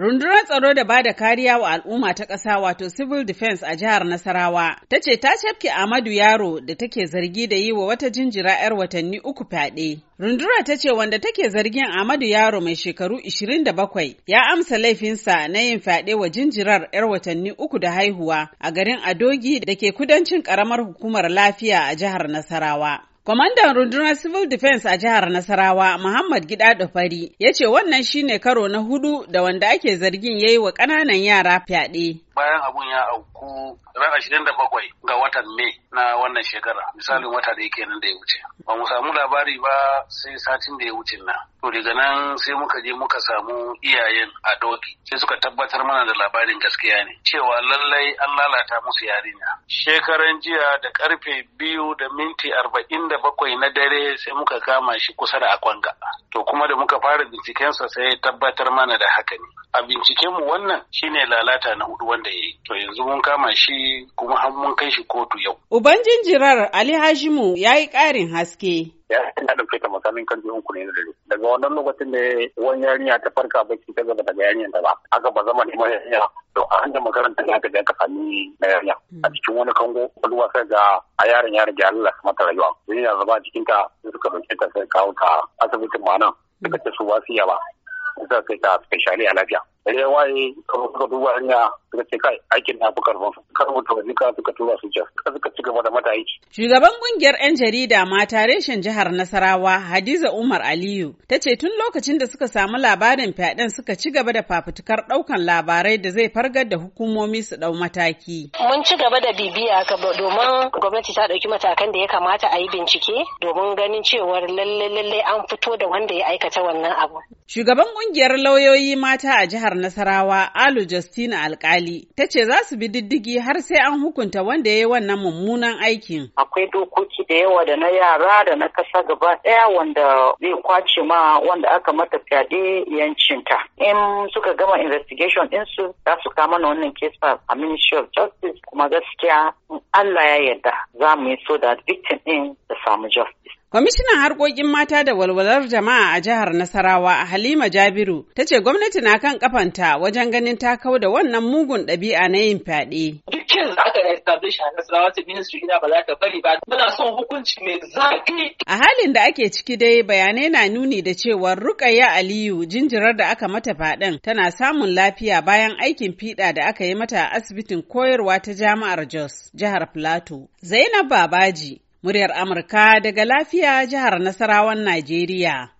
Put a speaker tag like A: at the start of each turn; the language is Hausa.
A: Rundunar tsaro da bada kariya wa al'umma ta ƙasa wato Civil Defense a jihar Nasarawa ta ce ta cafke Amadu Yaro da take zargi da yi wa wata jinjira 'yar watanni uku fyaɗe. Rundunar ta ce wanda take zargin Amadu Yaro mai shekaru 27 ya amsa laifinsa na yin fyaɗe wa jinjirar 'yar watanni uku da haihuwa a garin Adogi da ke kudancin ƙaramar hukumar lafiya a jihar Nasarawa. Kwamandan rundunar Civil Defense a jihar Nasarawa, Muhammad Gida Fari, ya ce wannan shine karo na hudu da wanda ake zargin ya yi wa ƙananan yara fyaɗe.
B: Bayan abun ya auku ran ashirin da bakwai ga watan Mai na wannan shekara, misalin wata da yake nan da ya wuce. Ba mu samu labari ba sai satin da ya wuce na. To daga nan sai muka je muka samu iyayen a doki, sai suka tabbatar mana da labarin gaskiya ne, cewa lallai an lalata musu yarinya. Shekaran jiya da karfe biyu da minti arba'in da bakwai na dare sai muka kama shi kusa da akwanga to kuma da muka fara bincikensa sai ya tabbatar mana da haka ne a mu wannan shine lalata na hudu wanda ya yi to yanzu mun kama shi kuma har
A: mun
C: kai shi kotu yau
A: uban jinjirar ali hajimu ya yi ƙarin haske
C: ya da fita makamin kan jihun ku ne da dare daga wannan lokacin da wani yarinya ta farka k'i ta gaba daga yarinyar ta ba aka ba zama neman yarinya to a hanyar makarantar da aka je aka sami na yarinya a hmm. cikin wani kango kwalwa sai ga a yaron yarin da Allah mata rayuwa duniya zaba cikin ta suka ɗauke ta sai kawo ta asibitin ma suka ce su ba ba suka kai ta speciali a lafiya. Rewaye kamar suka duba hanya suka ce kai aikin na fi karfin su kar mu ka suka tura su jas suka ci gaba da mata aiki.
A: Shugaban kungiyar 'yan jarida mata reshen jihar Nasarawa Hadiza Umar Aliyu ta ce tun lokacin da suka samu labarin fyaɗen suka ci gaba da fafutukar ɗaukan labarai da zai fargar da hukumomi su ɗau mataki. Mun ci gaba da bibiya domin gwamnati ta ɗauki matakan da ya kamata a yi bincike domin ganin cewar lalle-lalle an fito da wanda ya aikata wannan abu. Shugaban kungiyar lauyoyi mata a jihar Nasarawa Alu Justina Alkali hali ta ce za su bi diddigi har sai an hukunta wanda ya yi wannan mummunan aikin.
C: Akwai dokoki da yawa da na yara da na kasa gaba ɗaya wanda zai kwace ma wanda aka mata fyaɗe yancinta. In suka gama investigation ɗinsu za su kama na wannan case a Ministry of Justice kuma gaskiya Allah ya yarda za mu yi so da victim ɗin da samu justice.
A: Kwamishinan harkokin mata da walwalar jama'a a jihar Nasarawa Halima Jabiru ta ce gwamnati na kan kafanta wajen ganin ta kau da wannan mugun ɗabi'a na yin fyaɗe. irin da aka establish a Nasarawa ministry ina ba za ta bari ba muna son hukunci mai A halin da ake ciki dai bayanai na nuni da cewar Rukayya Aliyu jinjirar da aka mata faɗin tana samun lafiya bayan aikin fiɗa da aka yi mata a asibitin koyarwa ta Jami'ar Jos, Jihar Plateau. Zainab Babaji, muryar Amurka daga lafiya jihar Nasarawan Najeriya.